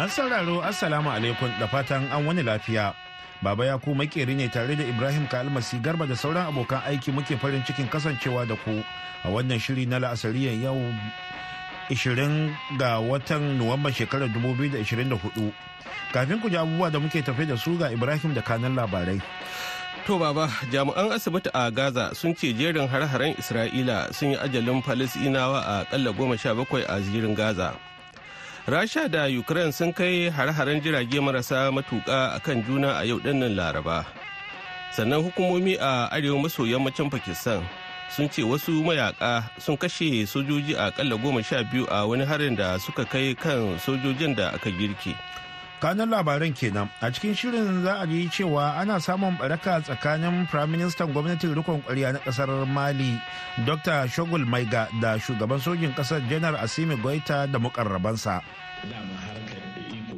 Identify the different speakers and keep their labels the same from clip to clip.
Speaker 1: Masu sauraro Assalamu alaikum da fatan an wani lafiya. Baba ya ku makeri ne tare da Ibrahim Kalmasi Garba da sauran abokan aiki muke farin cikin kasancewa da ku a wannan shiri na la'asariyar yau 20 ga watan nuwamba shekarar 2024. Kafin ku ji abubuwa da muke tafe da su ga Ibrahim da kanan labarai.
Speaker 2: To baba jami'an asibiti a Gaza sun ce jerin har-haren Isra'ila sun yi ajalin Falasinawa a kalla goma sha bakwai a zirin Gaza. rasha da ukraine sun kai har-haren jirage marasa matuka a kan juna a yau dinnan laraba sannan hukumomi a arewa maso yammacin pakistan sun ce wasu mayaka sun kashe sojoji a kalla goma sha biyu a wani harin da suka kai kan sojojin da aka girke kanan labaran kenan
Speaker 1: a cikin shirin za a ji cewa ana samun baraka tsakanin firaministan gwamnatin rikon kwarya na kasar mali dr shogul maiga da shugaban sojin kasar janar asimi goita da mukarrabansa. dama
Speaker 3: harkar da iko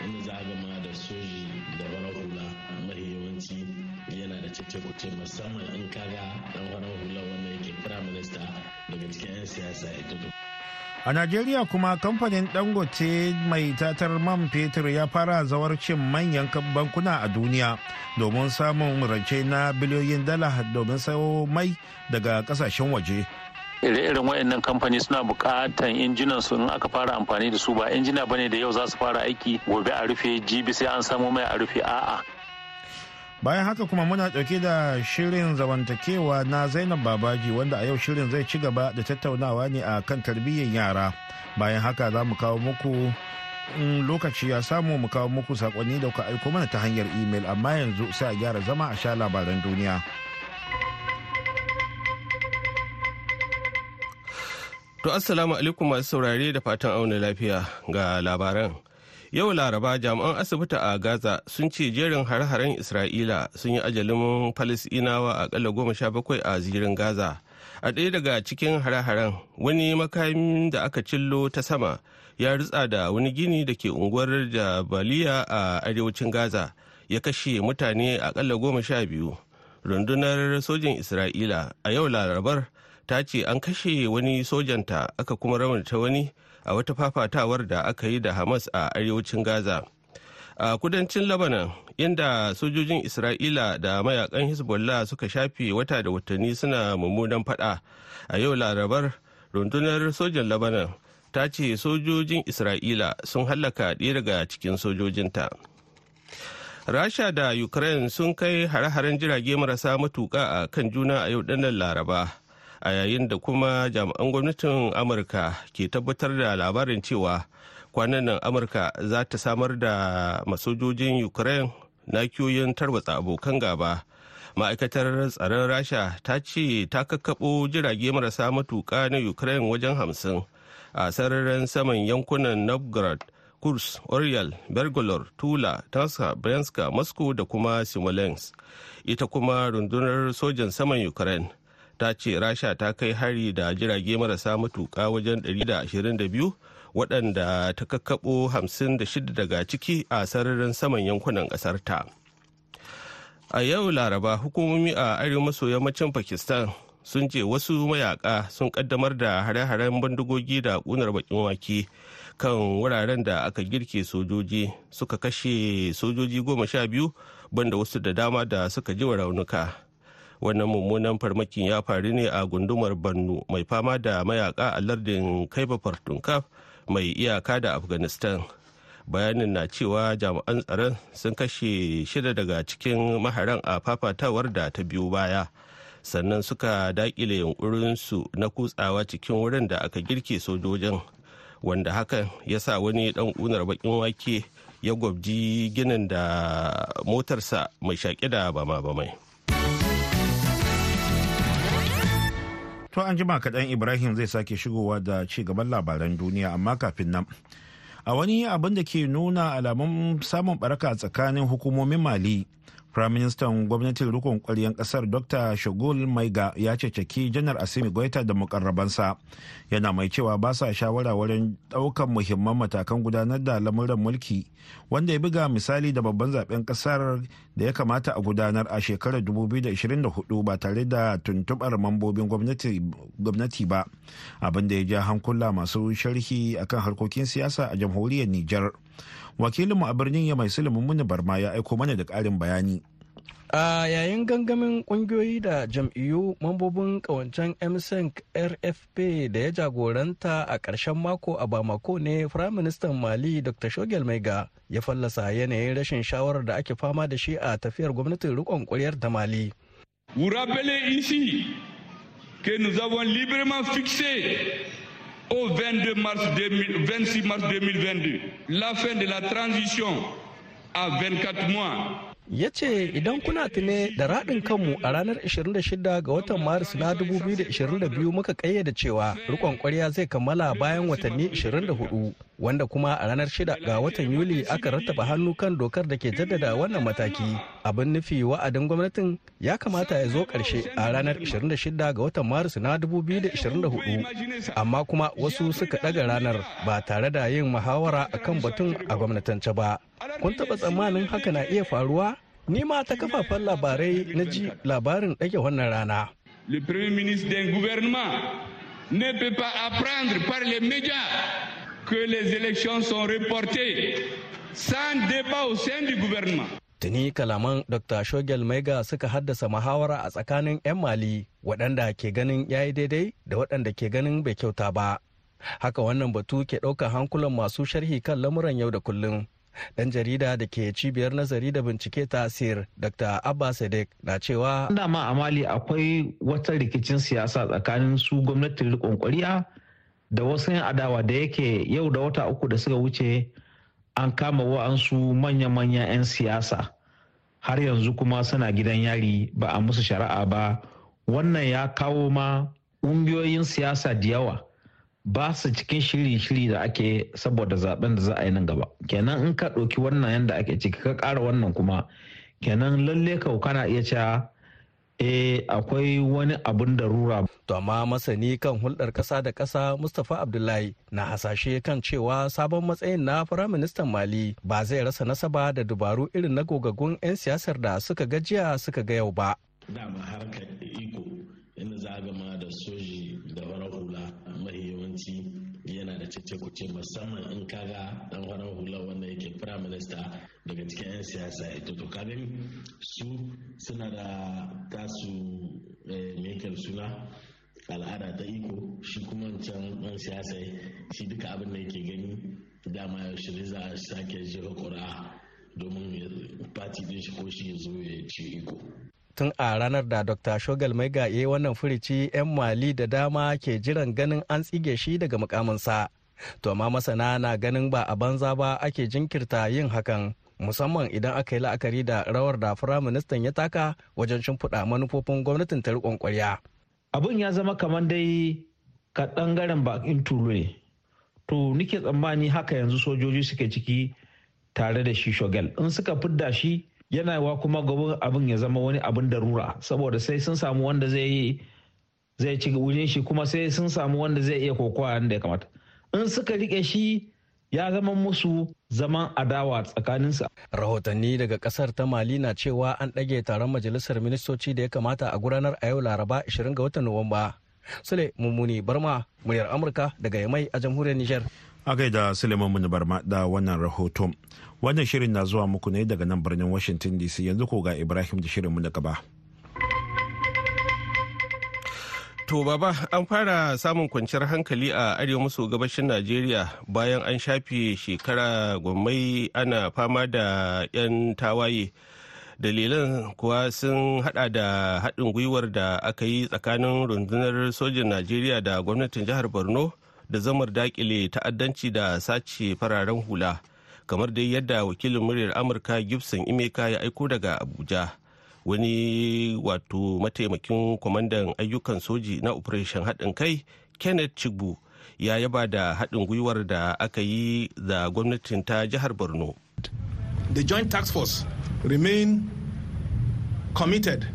Speaker 3: wanda za gama da soji da farar hula mahi yawanci yana da cece kuce musamman in kaga dan farar hula wanda yake prime minister daga cikin 'yan siyasa ya tudu
Speaker 1: a najeriya kuma kamfanin dangote mai tatar man fetur ya fara zawarcin manyan bankuna a duniya domin samun rance na biliyoyin dala domin sayo mai daga kasashen waje ire-iren
Speaker 4: wayannan kamfani suna bukatan injinan su in aka fara amfani da su ba injina bane da yau za su fara aiki gobe a rufe jibi sai an samo mai a rufe a'a
Speaker 1: bayan haka kuma muna dauke da shirin zamantakewa na zainab babaji wanda a yau shirin zai ci gaba da tattaunawa ne a kan tarbiyyar yara bayan haka za mu kawo muku lokaci ya samu mu kawo muku sakonni da kuka aiko mana ta hanyar imel amma yanzu sai a gyara zama a sha labaran
Speaker 2: duniya. To assalamu alaikum masu saurare da fatan auna lafiya ga labaran. Yau Laraba jami'an asibiti a Gaza sun ce jerin har-haren Isra'ila sun yi ajalin Falasɗinawa akalla goma sha bakwai a zirin Gaza. A ɗaya daga cikin har-haren wani makamin da aka cillo ta sama ya ritsa da wani gini da ke unguwar Jabaliya a arewacin Gaza ya kashe mutane akalla goma sha biyu. Rundunar sojin Isra'ila a yau Larabar ta ce an kashe wani sojanta aka kuma raunata wani a wata fafatawar da aka yi da hamas a arewacin gaza a kudancin lebanon inda sojojin isra'ila da mayakan hezbollah suka shafe wata da watanni suna mummunan fada a yau larabar rundunar sojan lebanon ta ce sojojin isra'ila sun hallaka ɗaya daga cikin sojojinta rasha da ukraine sun kai hare-haren jirage marasa matuka a kan juna a yau ɗannan laraba a yayin da kuma jami'an gwamnatin amurka ke tabbatar da labarin cewa kwanan nan amurka za ta samar da masojojin ukraine na kiyoyin tarwatsa abokan gaba ma'aikatar tsaron rasha ta ce ta kakkaɓo jirage marasa matuka na ukraine wajen hamsin a sararin saman yankunan novgorod kurs oriel bergolor tula tanska bryanska moscow da kuma simolensk ita kuma rundunar sojan saman ukraine ta ce rasha ta kai hari da jirage marasa matuka wajen 122 waɗanda ta kakkaɓo 56 daga ciki a sararin saman yankunan ƙasar ta a yau laraba hukumomi a arewa maso yammacin pakistan sun ce wasu mayaka sun kaddamar da hare-haren bandugogi da ƙunar bakin wake kan wuraren da aka girke sojoji suka kashe sojoji goma sha biyu banda wasu da dama da suka ji wa raunuka wannan mummunan farmakin ya faru ne a gundumar bannu mai fama da mayaka a lardin kaiba fartunkaf mai iyaka da afghanistan bayanin na cewa jami'an tsaron sun kashe shida daga cikin maharan a fafatawar da ta biyo baya sannan suka dakile yunkurinsu na kutsawa cikin wurin da aka girke sojojin wanda hakan ya sa wani dan unar bakin wake ya gwabji ginin da motarsa mai shaƙi da bama-bamai. To an jima kaɗan Ibrahim zai
Speaker 1: sake shigowa da ci gaban labaran duniya amma kafin nan. A wani abin da ke nuna alamun samun ɓaraka tsakanin hukumomin Mali minister gwamnatin rikon ƙwaryen ƙasar Dr. Shagul Maiga ya ceceki Janar Asimi Goita da mukarrabansa yana mai cewa ba sa shawara wurin ɗaukan muhimman matakan gudanar da lamuran mulki wanda ya buga misali da babban zaben ƙasar da ya kamata a gudanar a shekarar 2024 ba tare da tuntubar mambobin gwamnati ba abinda ya ja hankula masu sharhi akan harkokin siyasa a jamhuriyar Nijar. wakilinmu a birnin ya mai silimin muni barma ya aiko mana da karin bayani a yayin gangamin ƙungiyoyi da jam'iyyu mambobin kawancen msenc rfp da
Speaker 5: ya jagoranta a ƙarshen mako a bamako ne firaministan mali dr shogel maiga ya fallasa yanayin rashin shawarar da ake fama da shi a tafiyar gwamnatin rikon ƙuryar da mali Vous ici que nous avons librement fixé
Speaker 6: au
Speaker 2: 22 mars 2000, 26 mars 2022, la fin de la transition à 24 mois.
Speaker 5: ya ce idan kuna tune da raɗin kanmu a ranar 26 ga watan maris na 2022 muka kayyade cewa rikon kwarya zai kammala bayan watanni 24 wanda kuma a ranar 6 ga watan Yuli aka rattaba hannu kan dokar da ke jaddada wannan mataki. Abin nufi wa'adin gwamnatin ya kamata ya zo karshe a ranar 26 ga watan Maris na 2024, amma kuma wasu suka ɗaga ranar ba tare da yin muhawara akan batun a gwamnatance ba. Kun taɓa tsammanin haka na iya faruwa? Ni ma ta kafafen labarai na ji labarin ɗage wannan rana.
Speaker 2: Le Premier ministre d'un gouvernement ne peut
Speaker 5: pas apprendre par les médias que les élections sont reportées sans débat au sein du gouvernement. Tuni kalaman Dr. Shogel Maiga suka haddasa muhawara a tsakanin 'yan Mali waɗanda ke ganin ya yi daidai da waɗanda ke ganin bai kyauta ba. Haka wannan batu ke ɗaukar hankulan masu sharhi kan lamuran yau da kullum. dan jarida da ke cibiyar nazari da bincike tasir dr abba sadiq na cewa
Speaker 7: dama a mali akwai wata rikicin siyasa tsakanin su gwamnatin riƙon ƙwariya da wasu yan adawa da yake yau da wata uku da suka wuce an kama wa'ansu manya-manyan 'yan siyasa har yanzu kuma suna gidan yari ba a musu shari'a ba wannan ya kawo ma ƙungiyoyin siyasa da yawa ba su cikin shiri-shiri da ake saboda zaben da za a yi nan gaba kenan in ka ɗauki wannan yadda ake ciki ka ƙara wannan kuma kenan lalle kau kana iya cewa
Speaker 5: eh akwai wani abun da rura. To amma masani kan hulɗar ƙasa da ƙasa Mustapha Abdullahi na hasashe kan cewa sabon matsayin na Firaministan Mali ba zai rasa nasaba da dubaru irin na gogagun 'yan siyasar da suka gajiya suka ga yau ba.
Speaker 3: Dama harkar iko inda zagama da soji da farar hula mahi yawanci yana da cece kuce musamman in kaga dan farar hula wanda yake prime minister daga cikin 'yan siyasa ya to kaga su suna da tasu eh, mekar suna al'ada ta iko shi kuma can yan siyasa shi duka abin da yake gani dama ya shirya za a sake jefa ƙura domin fati ɗin shi ko shi ya zo ya ci iko
Speaker 5: tun a ranar da dr shogal mai gaye wannan furici 'yan mali da dama ke jiran ganin an tsige shi daga mukaminsa to amma masana na ganin ba a banza ba ake jinkirta yin hakan musamman idan aka yi la'akari da rawar da firaministan ya taka wajen shimfiɗa manufofin gwamnatin ta riƙon ƙwarya. abin ya zama kamar dai ka
Speaker 7: ɗangaren bakin tulu ne to nike tsammani haka yanzu sojoji suke ciki tare da shi shogel in suka fidda shi yana wa kuma gaban abin ya zama wani abin da rura saboda sai sun samu wanda zai zai ci wajen shi kuma sai sun samu wanda zai
Speaker 5: iya kokowa yadda ya kamata in suka rike shi ya zama musu zaman adawa tsakaninsa. Rahotanni daga kasar ta Mali na cewa an ɗage taron majalisar ministoci da ya kamata a gudanar a yau Laraba 20 ga watan Nuwamba. Sule Mummuni Barma, muryar
Speaker 1: Amurka daga Yamai a jamhuriyar Nijar. a gaida suleiman mun barma da wannan rahoto wannan shirin na zuwa muku ne daga nan birnin washington dc yanzu ko ga ibrahim da shirin mu na gaba
Speaker 2: to baba an fara samun kwanciyar hankali a arewa maso gabashin najeriya bayan an shafe shekara gwammai ana fama da 'yan tawaye dalilan kuwa sun hada da haɗin gwiwar da aka yi tsakanin rundunar sojin najeriya da gwamnatin jihar borno da zamar dakile ta'addanci da sace fararen hula kamar dai yadda wakilin muryar amurka gibson imeka ya aiko daga abuja wani wato mataimakin kwamandan ayyukan soji na operation haɗin kai kenneth chigbu ya yaba da haɗin gwiwar da aka yi da gwamnatin ta jihar borno the joint task force remain committed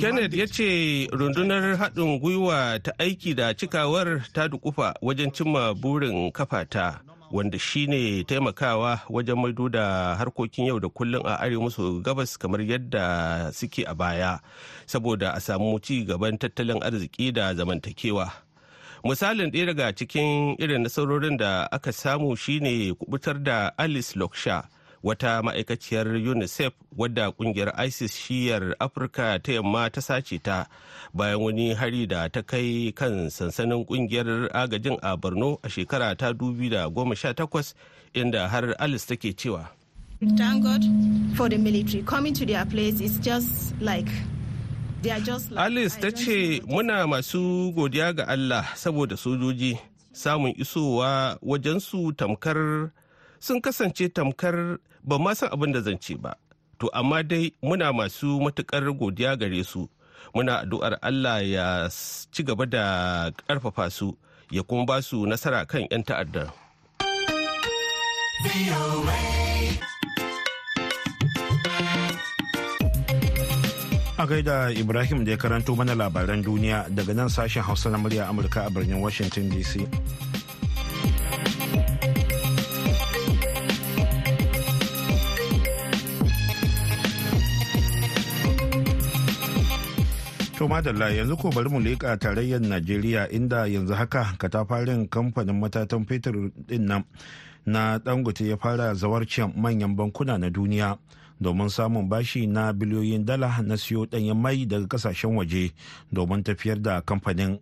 Speaker 2: Kenneth ya ce rundunar haɗin gwiwa ta aiki da cikawar ta dukufa wajen cimma burin kafata wanda shine taimakawa wajen maido da harkokin yau da kullum a arewa maso gabas kamar yadda suke a baya saboda a samu ci gaban tattalin arziki da zamantakewa. misalin ɗaya daga cikin irin nasarorin da aka samu shine kubutar da alice loksha wata ma'aikaciyar unicef wadda kungiyar isis shiyar afirka ta yamma ta sace ta bayan wani hari da ta kai kan sansanin kungiyar agajin a borno a shekara ta 2018 inda har alice take cewa alice ta ce muna masu godiya ga allah saboda sojoji samun isowa wajensu tamkar sun kasance tamkar ban ma san abin da zan ce ba to amma dai muna masu matukar godiya gare su muna addu'ar Allah ya ci gaba da ƙarfafa su ya kuma ba su nasara kan 'yan ta'addar.
Speaker 1: A gaida Ibrahim da ya karanto mana labaran duniya daga nan sashen Hausa na murya Amurka a birnin Washington DC. To madalla yanzu ko bari mu leka tarayyar Najeriya inda yanzu haka katafarin kamfanin matatan fetur din nan na dangote ya fara zawarcin manyan bankuna na duniya domin samun bashi na biliyoyin dala na siyo ɗanyen mai daga kasashen waje domin tafiyar da kamfanin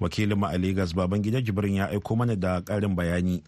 Speaker 1: wakilin ma a Lagos Babangida Jibrin ya aiko mana da ƙarin bayani.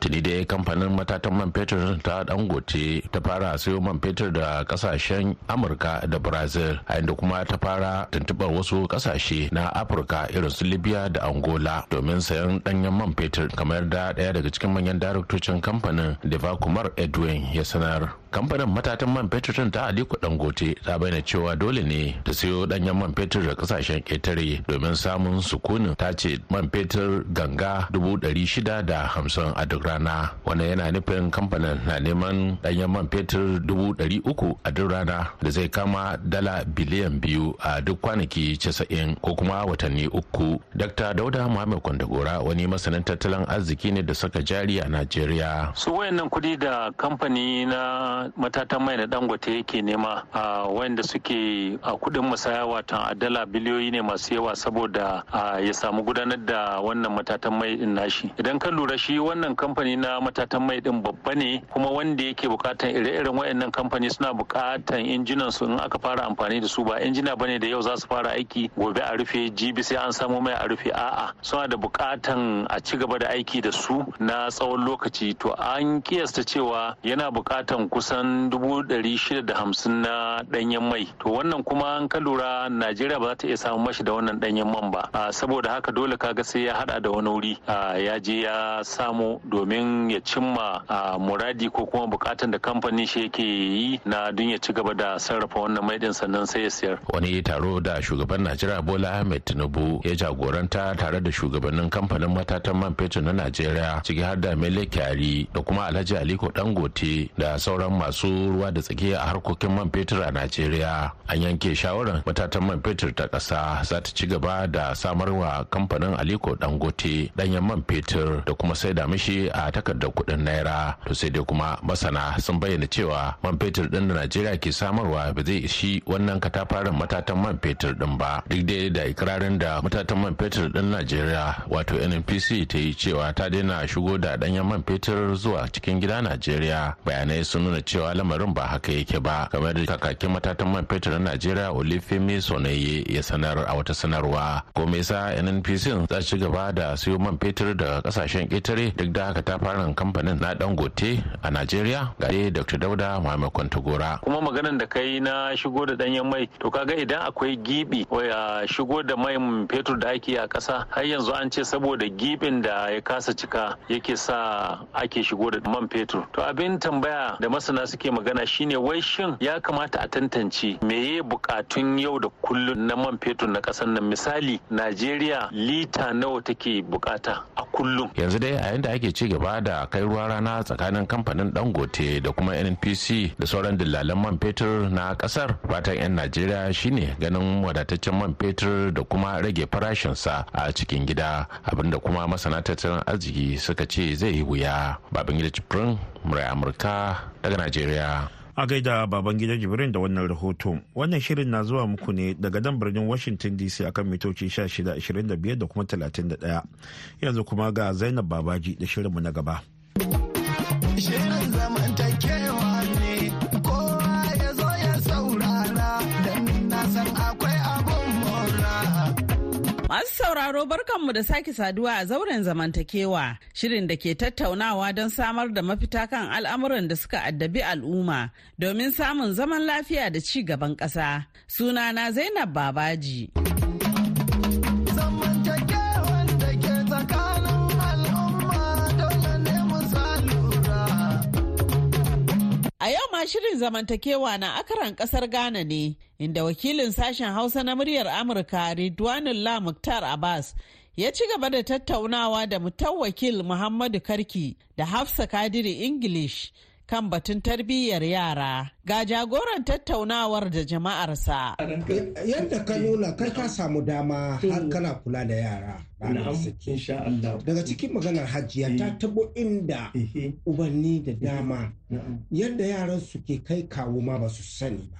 Speaker 3: tuni dai kamfanin matatan man fetur ta dangote ta fara sayo man fetur da kasashen amurka da brazil a inda kuma ta fara tuntubar wasu kasashe na afirka irin su libya da angola domin sayan danyen man fetur kamar da daya daga cikin manyan daraktocin kamfanin deva kumar edwin ya sanar kamfanin matatan man fetur ta aliko dangote ta bayyana cewa dole ne ta sayo danyen man fetur da kasashen ketare domin samun sukunin ta ce man fetur ganga 650 a duk rana wani yana nufin kamfanin na neman danyen man fetur dubu a duk rana da zai kama dala biliyan biyu a duk kwanaki casa'in ko kuma watanni uku dr dauda muhammad kwandagora wani masanin tattalin arziki ne da saka jari a najeriya
Speaker 4: su wayannan kudi da kamfani na matatan mai na dangote yake nema a wayanda suke a kudin masaya watan a dala biliyoyi ne masu yawa saboda ya samu gudanar da wannan matatan mai in nashi idan ka lura shi wannan kamfani kamfani na matatan mai din babba ne kuma wanda yake bukatan ire-iren wayannan kamfani suna bukatan injinan su in aka fara amfani da su ba injina bane da yau za su fara aiki gobe a rufe jibi sai an samu mai a rufe a'a suna da bukatan a ci gaba da aiki da su na tsawon lokaci to an kiyasta cewa yana bukatan kusan dubu dari shida da hamsin na danyen mai to wannan kuma an ka lura najeriya ba za ta iya samun mashi da wannan danyen man ba saboda haka dole kaga sai ya hada da wani wuri ya je ya samu domin domin ya cimma a muradi ko kuma bukatan da kamfanin shi yake yi na don ya ci gaba da sarrafa wannan maidin sannan sai ya siyar.
Speaker 3: Wani taro da shugaban Najeriya Bola Ahmed Tinubu ya jagoranta tare da shugabannin kamfanin matatan man fetur na Najeriya ciki har da Mele Kyari da kuma Alhaji Aliko Dangote da sauran masu ruwa da tsaki a harkokin man fetur a Najeriya. An yanke shawarar matatan man fetur ta ƙasa za ta ci gaba da samarwa kamfanin Aliko Dangote danyen man fetur da kuma sai da mishi a takardar kuɗin naira to sai dai kuma masana sun bayyana cewa man fetur din da najeriya ke samarwa ba zai ishi wannan katafaren matatan man fetur din ba duk dai da ikirarin da matatan man fetur din najeriya wato nnpc ta yi cewa ta daina shigo da ɗanyen man fetur zuwa cikin gida najeriya bayanai sun nuna cewa lamarin ba haka yake ba kamar da kakakin matatan man fetur na najeriya olifemi sonaye ya sanar a wata sanarwa ko me yasa nnpc za ci gaba da siyo man fetur daga kasashen ƙetare duk da haka fara kamfanin na dangote a najeriya ga dr dauda muhammad kwantagora
Speaker 4: kuma maganan da kai na shigo da danyen mai to kaga idan akwai gibi waya shigo da mai fetur da ake a kasa har yanzu an ce saboda gibin da ya kasa cika yake sa ake shigo da man fetur to abin tambaya da masana suke magana shine wai shin ya kamata a tantance meye bukatun yau da kullum na man fetur na kasan nan misali najeriya lita nawa take bukata
Speaker 3: a kullum yanzu dai a yanda ake ci gaba da kai ruwa rana tsakanin kamfanin dangote da kuma npc da sauran dillalan man fetur na kasar fatan 'yan najeriya shine ganin wadataccen man fetur da kuma rage farashinsa a cikin gida abinda kuma masana tattalin arziki suka ce zai yi wuya babangida cifrin murai amurka
Speaker 1: daga najeriya A gaida baban gida Jibrin da wannan rahoton. Wannan shirin na zuwa muku ne daga dan birnin Washington DC akan mitoci 1625 da kuma 31. Yanzu kuma ga Zainab Babaji da shirinmu na gaba.
Speaker 8: sauraro barkanmu da sake saduwa a zauren zamantakewa shirin da ke tattaunawa don samar da mafita kan al'amuran da suka addabi al'umma domin samun zaman lafiya da ci gaban ƙasa. Sunana Zainab Babaji. ma shirin zamantakewa na akaran kasar Ghana ne, inda wakilin sashen Hausa na muryar Amurka La Muktar Abbas ya ci gaba da tattaunawa da mutawakil Muhammadu Karki da Hafsa Kadiri English kan batun tarbiyyar yara ga jagoran tattaunawar da jama'arsa.
Speaker 6: Yadda ka nuna kai ka samu dama har kana kula da yara. Daga cikin maganar hajiya ta eh. tabo inda eh, eh. ubanni da dama yadda yaran su ke kai kawo ma ba su sani ba.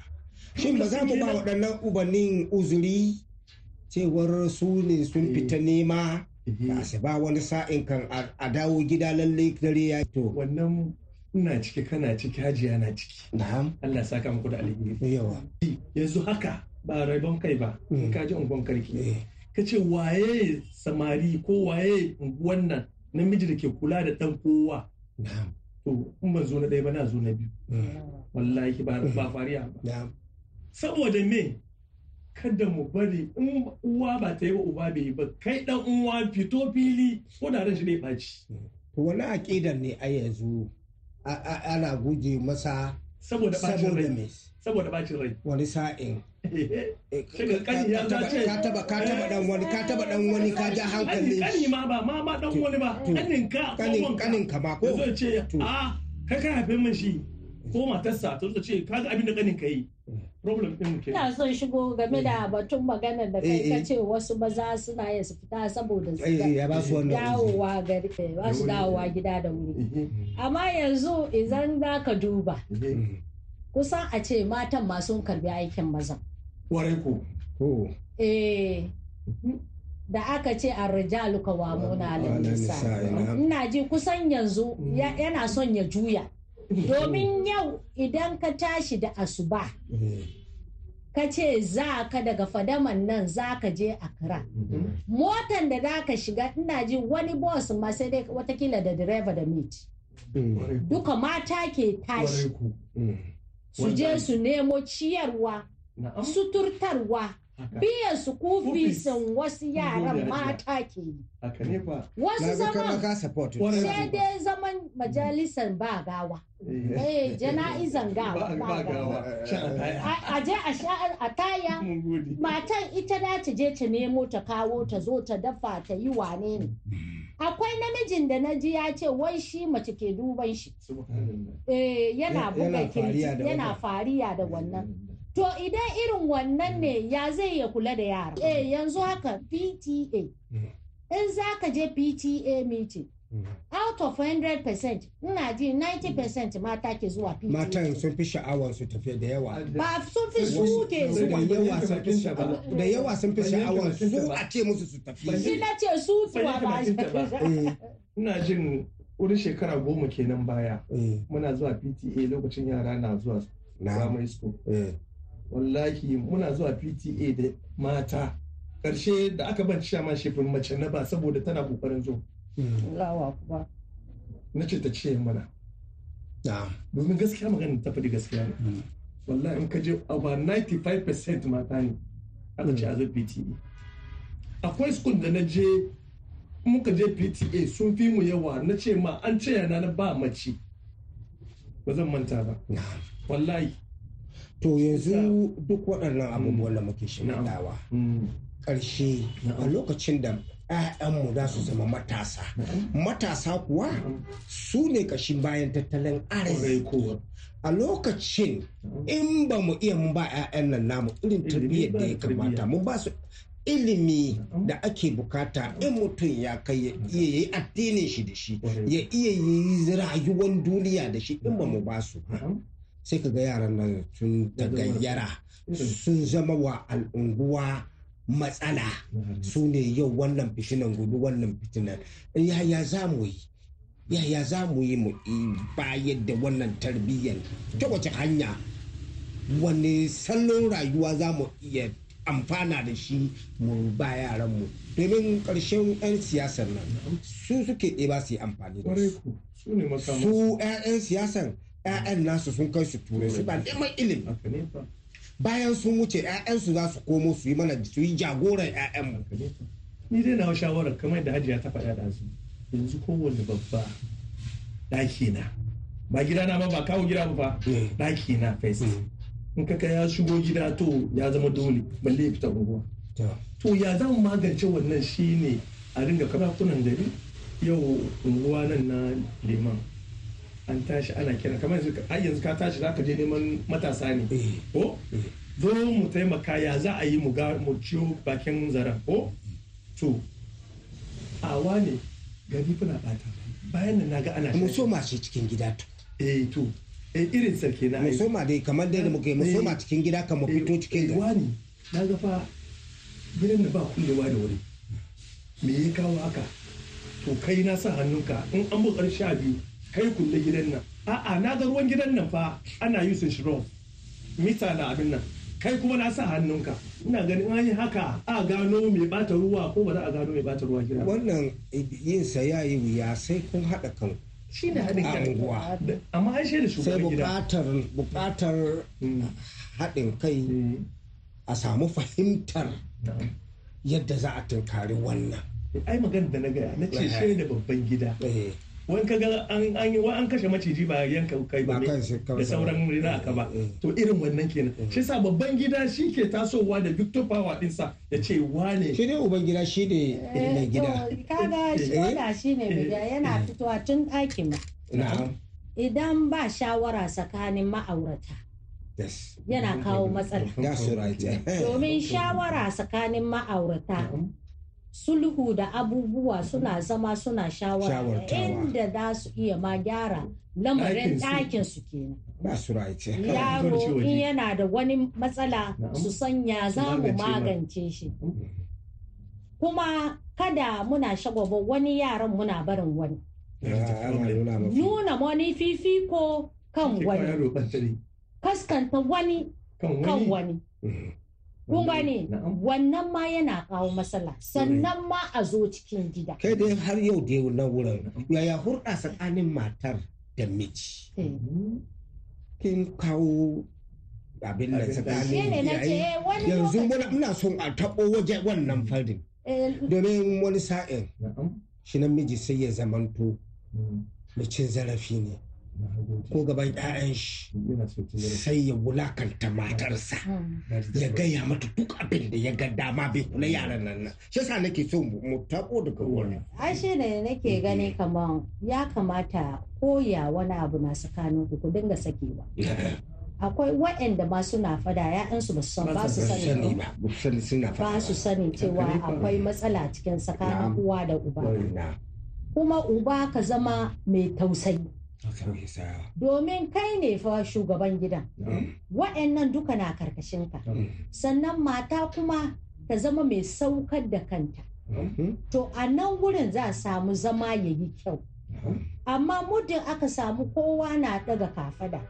Speaker 6: Shin ba za mu ba waɗannan ubannin uzuri cewar su ne sun fita nema ba su ba wani sa'in kan a dawo gida lallai dare ya to. ina ciki kana ciki
Speaker 9: hajiya na ciki na'am Allah saka muku da alheri yawa yanzu haka ba raibon kai ba mm. in ka ji ungon karki eh. ka ce waye samari ko waye wannan namiji da ke kula da dan kowa na'am to in ban zo na ɗaya ba na zo na biyu mm. wallahi ba fariya ba saboda me kada mu bari in uwa ba ta yi wa uba bai yi ba kai dan uwa fito fili ko da ran shi ne ɓaci. Mm. to wani aƙidar ne a yanzu ana guje
Speaker 6: masa saboda
Speaker 9: bacin rai wani sa'in eh,
Speaker 6: ka taba ka taba dan wani ka taba dan wani ka ja hankali kani
Speaker 9: ma ba ma ma dan wani ba kanin ka kanin kanin ka ba ko zai ce a ah, ka ka haife min shi ko matarsa to ce ga abin da kanin ka yi problem ɗin ke. Ina
Speaker 10: son shigo game da eh. batun magana da kai eh, eh. ka ce wasu maza suna yin su fita saboda su dawowa gari ba su dawowa gida da wuri. Mhm. Amma yanzu idan za ka duba mhm. kusan a ce matan masu karbi aikin maza, Warai ko. Eh da aka ce a rijalu kawamuna na nisa. Ina ji kusan yanzu yana son ya juya. domin yau idan ka tashi da asuba ka ce za ka daga fadaman nan za ka je Accra. Motan da za ka shiga ina ji wani bus masai dai watakila da direba da mit Duka mata ke tashi
Speaker 9: mm. su je
Speaker 10: su nemo ciyarwa, suturtarwa. biyan su san wasu yaran mata ke yi. Wasu zaman sai dai zaman majalisar ba gawa. Eh, eh jana'izan gawa ba gawa. A je a sha'ar a taya matan ita da ta je ta nemo ta kawo ta zo ta dafa ta yi wane ne. Mm. Akwai namijin da na ji ya ce wai shi mace ke duban shi. Eh, yana buga kirji yana fariya da wannan. Mm. To idan irin wannan ne mm. ya zai ya kula da yara. Eh yanzu haka PTA. Mm. In za ka je PTA meeting. Mm. Out of 100% ina ji 90% mata ke zuwa PTA. Matan
Speaker 6: sun fi sha'awar su tafiya da yawa. Ba
Speaker 10: sun fi su ke zuwa. Da yawa sun fi sha'awar su a
Speaker 9: ce musu su tafi.
Speaker 6: Shi na
Speaker 10: ce su zuwa ba. Eh.
Speaker 9: Ina jin wurin shekara goma kenan baya. Eh. Muna zuwa PTA lokacin yara na zuwa primary isko. wallahi muna zuwa pta da mata karshe da aka ban ciya ma shefin mace na ba saboda tana kokarin zo na ce ta ce mana domin gaskiya magana ta faɗi gaskiya ne hmm. wallahi in ka je over 95% mata ne aka ce a zo pta akwai school da na je muka je pta sun fi mu yawa na ce ma an ce yana na ba mace ba zan manta ba wallahi
Speaker 6: to yanzu duk waɗannan abubuwan da muke mm. shimadawa mm. ƙarshe a lokacin da 'ya'yanmu za su zama matasa matasa kuwa su ne ƙashin bayan tattalin arziki a lokacin in ba mu iya mun ba 'ya'yan nan namu irin tarbiyyar da ya kamata mun ba su ilimi da ake bukata in mutum ya kai ya iya yi addinin shi da shi ya iya yi rayuwar duniya da shi in ba mu ba su sai ka ga yaran nan sun tagayyara sun zama wa al'unguwa matsala mm-hmm. su ne yau wannan fitinan gobe wannan fitinan yaya eh, za mu yi yaya za mu yi mu bayar da wannan tarbiyyar ta wace hanya wani sallon rayuwa za mu iya amfana da shi mu ba yaran mu domin karshen 'yan siyasar nan su suke ɗeba su yi amfani da su su 'ya'yan siyasar 'ya'yan nasu sun kai su turai su ba neman ilimi bayan sun wuce 'ya'yansu za su komo
Speaker 9: su yi mana su yi jagoran 'ya'yanmu ni dai na shawarar kamar da hajiya ta faɗa da su yanzu kowane babba ɗaki na ba gida na ba ba kawo gida ba hmm. ɗaki na fes hmm. in ka ya shigo gida to ya zama dole balle ya fita unguwa to ya zan magance wannan shine a ringa karafunan gari yau unguwa nan na liman an tashi ana kira kamar yanzu yanzu ka tashi zaka je neman matasa ne eh, ko eh. zo mu taimaka ya za a yi mu ga mu ciyo bakin zaren ko to awa ne gari kuna bata bayan nan naga ana mu so shi cikin gida to eh to eh
Speaker 6: irin sarki na mu so dai kamar da muke mu eh, so cikin gida kamar fito cikin gida wani na ga fa
Speaker 9: gidan da ba kullewa da wuri me ya kawo haka to kai na sa hannunka in an bu karshe biyu kai kulle gidan nan a'a na ga ruwan gidan nan fa ana sun shiro mita da abin nan kai kuma na sa hannunka ina ganin an yi haka a gano mai bata ruwa ko ba za a gano mai bata ruwa gidan wannan yin sa ya yi wuya sai kun haɗa kan shine haɗin kan unguwa amma an shaida shugaban gida
Speaker 6: sai buƙatar buƙatar mm. haɗin kai mm. a samu fahimtar
Speaker 9: yadda za a tunkari wannan ai magana da na gaya na ce da eh. babban gida eh. wani kaga an kashe maciji ba yanka kai ba da sauran rina aka ba eh, eh. to irin wannan kenan mm. shi sa babban gida shi ke tasowa da victor power dinsa ya ce wane shi ne uban gida shi ne eh, mai gida kaga shi wanda
Speaker 10: shi ne mai gida yana fitowa tun ɗakin idan ba shawara tsakanin ma'aurata
Speaker 6: yana kawo matsala domin
Speaker 10: shawara tsakanin ma'aurata sulhu da abubuwa suna zama suna shawara inda za su iya ma gyara lamarin ɗakin su kenan.
Speaker 6: Ba Yaro in yana
Speaker 10: da wani matsala su sanya za mu magance shi. Kuma kada muna shagwaba wani yaran muna barin wani. Nuna wani fifiko kan
Speaker 9: wani.
Speaker 10: Kaskanta wani kan wani. Mm. kun gane wannan ma yana kawo matsala sannan ma a zo cikin gida
Speaker 9: kai dai har yau
Speaker 6: da na wurin yaya hurɗa tsakanin matar da miji eh. kin kawo abin da tsakanin eh, yanzu muna son a taɓo waje wannan farin eh. domin wani sa'in shi miji sai ya zamanto mucin mm. cin zarafi ne ko gaban 'ya'yan shi sai ya wulakanta matarsa ya gaya mata duk abin da ya ga dama bai kula yaran nan nan shi sa nake so mu tako daga wurin
Speaker 10: ai shi ne nake mm-hmm. gani kaman ya kamata koya wani abu na tsakanin ku dinga sakewa akwai waɗanda ma suna fada ya'yansu ba su san ba su sani
Speaker 6: ba su sani cewa akwai
Speaker 10: matsala cikin tsakanin uwa da uba kuma uba ka zama mai tausayi Domin kai ne fa shugaban gidan. Mm. Wa'annan duka na karkashin ka, mm. Sannan mata kuma ta zama mai saukar da kanta. Mm-hmm. To a nan wurin za a samu zama ya yi kyau. Mm-hmm. Amma muddin aka samu kowa na daga kafada.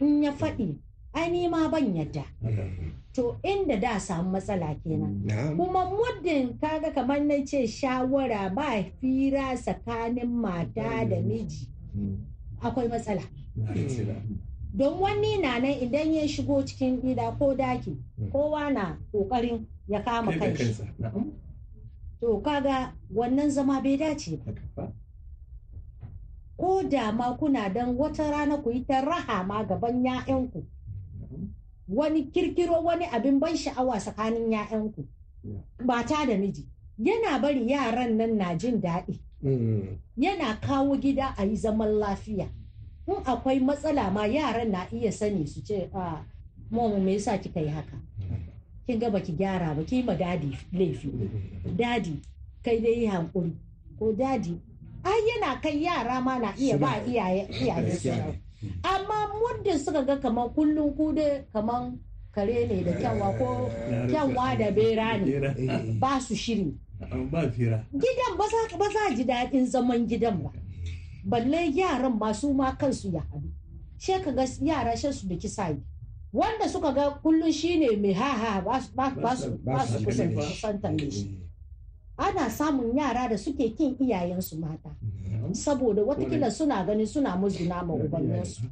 Speaker 10: In ya faɗi ai ma ban yadda. Mm-hmm. To inda da samu matsala kenan. Kuma muddin kaga kamar na ce shawara ba fira tsakanin mata da mm. miji. akwai matsala don wani na nan idan ya shigo cikin gida ko daki mm. kowa na kokarin ya kama kai. to kaga wannan zama bai dace ba ko da ma kuna dan wata rana ku yi ta raha ma gaban 'ya'yanku wani kirkiro wani abin ban sha'awa tsakanin 'ya'yanku mata da miji yana bari yaran nan na jin daɗi Mm. yana kawo gida a yi zaman lafiya in akwai matsala ma yaran na iya sani su ce a ah, mama me yasa kika yi haka mm. kin ga baki gyara ba ki ma dadi laifi mm. dadi kai dai hankuri ko dadi ai yana kai yara ma na iya ba iyaye iyaye amma muddin suka ga kaman kullum ku kaman kare ne da kyanwa ko kyanwa da bera ne eh. ba su shiri gidan ba za ji daɗin zaman gidan ba balle yaran masu ma kansu ya hadu she ka ga yara shan su da kisa wanda suka ga kullum shine mai ha ha ba su kusantar shi ana samun yara da suke kin iyayensu mata mm. saboda watakila suna ganin suna musguna ma ubanninsu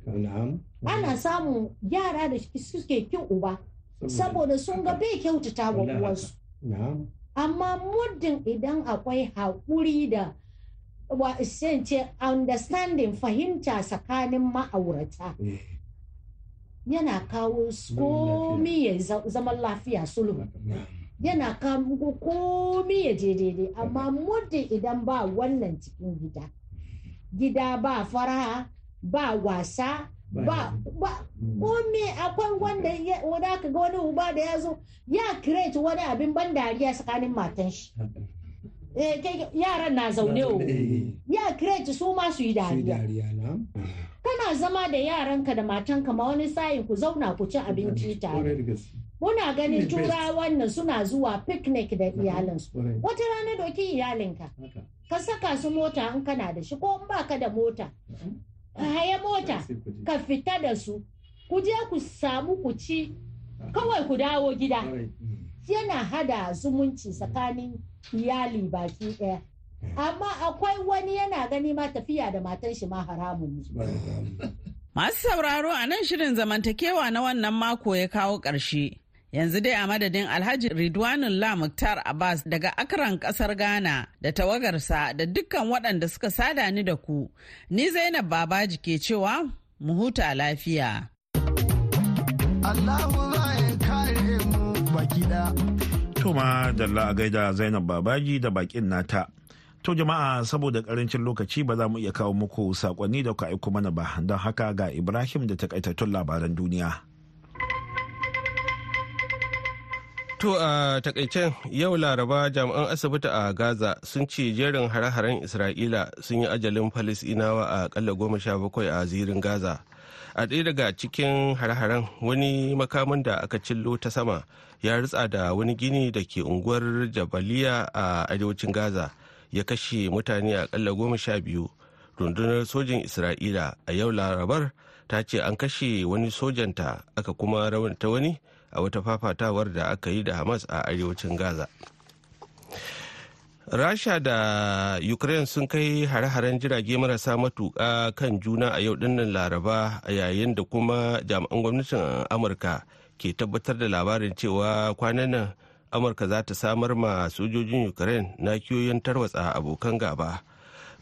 Speaker 10: ana samun yara da suke kin uba saboda sun ga bai kyautata wa uwansu amma muddin idan akwai haƙuri da wa isance understanding fahimta tsakanin ma'aurata eh. yana kawo komi ya zaman lafiya sulhu yana kawo komi ya je daidai amma muddin idan ba wannan cikin gida gida ba faraha ba wasa ba ba hmm. kome akwai wanda wanda ka ga wani uba da ya zo ya create wani abin ban dariya tsakanin matan shi eh, yaran na zaune o eh, eh, ya create su ma su yi dariya kana zama da yaranka da matanka ma wani sayin ku zauna ku ci abinci tare muna ganin turawan wannan suna zuwa picnic da iyalinsu wata rana doki iyalinka ka saka su mota in kana da shi ko in baka da mota ka haya mota ka fita da su ku je ku samu ku ci kawai ku dawo gida mm. yana hada zumunci tsakanin iyali baki ɗaya amma akwai wani yana gani ma tafiya da matan shi ma haramun ne
Speaker 8: Masu sauraro a nan shirin zamantakewa na wannan mako ya kawo ƙarshe. Yanzu dai a madadin Alhaji Ridwanullah Muktar Abbas daga Akran kasar Ghana da tawagarsa da dukkan waɗanda suka sada ni da ku. Ni Zainab Babaji ke cewa mu huta lafiya.
Speaker 6: Allahu da.
Speaker 1: Tuma Dalla a gaida Zainab Babaji da bakin nata. To jama'a saboda karancin lokaci ba za mu iya kawo muku sakonni da ku aiko mana ba don haka ga Ibrahim da takaitattun labaran duniya.
Speaker 2: To a takaicen yau laraba jami'an asibiti a Gaza sun ce jerin hare-haren Isra'ila sun yi ajalin inawa a kalla goma sha bakwai a zirin Gaza. A ɗaya daga cikin hare-haren wani makamin da aka cillo ta sama ya ritsa da wani gini da ke unguwar Jabaliya a arewacin Gaza ya kashe mutane a kalla goma sha biyu. Rundunar sojin Isra'ila a yau larabar ta ce an kashe wani sojanta aka kuma raunta wani. a wata fafatawar da aka yi da hamas a arewacin gaza rasha da ukraine sun kai hare-haren jirage marasa matuƙa kan juna a yau dinnan laraba a yayin da kuma jami'an gwamnatin amurka ke tabbatar da labarin cewa kwanan nan amurka za ta samar ma sojojin ukraine na kiyoyin tarwatsa abokan gaba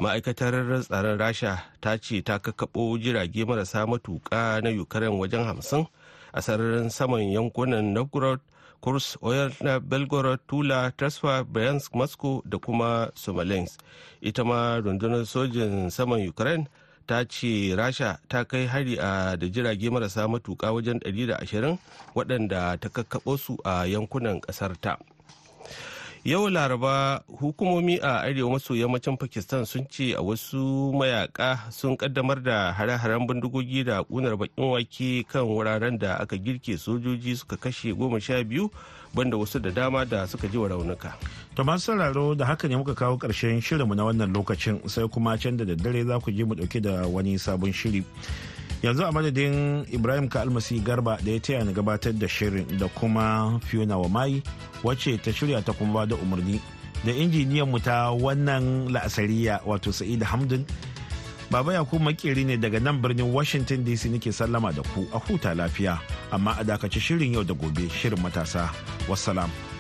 Speaker 2: ma'aikatar tsaron rasha ta ce ta kakkaɓo jirage marasa matuƙa na ukraine wajen hamsin a sararin saman yankunan novgorod kurs na belgorod tula transfer bryansk moscow da kuma somalinsk ita ma rundunar sojin saman ukraine ta ce rasha ta kai hari a da jirage marasa matuka wajen 120 waɗanda ta kakkaɓo su a yankunan ƙasar ta yau laraba hukumomi a arewa maso yammacin pakistan sun ce a wasu mayaka sun kaddamar da hare-haren bindigogi da kunar bakin wake kan wuraren da aka girke sojoji suka kashe goma sha biyu banda wasu da dama da suka ji wa raunuka
Speaker 1: to masu sauraro da haka ne muka kawo karshen shirinmu na wannan lokacin sai kuma can da daddare za ku ji mu dauke da wani sabon shiri yanzu a madadin ibrahim ka almasi garba da ya taya ni gabatar da shirin da kuma fiona wa mai wacce ta shirya ta kuma ba da umarni da injiniyan mu ta wannan la'asariya wato sa'id hamdun baba yakubu makeri ne daga nan birnin washington dc nake sallama da ku a huta lafiya amma a dakaci shirin yau da gobe shirin matasa wassalam.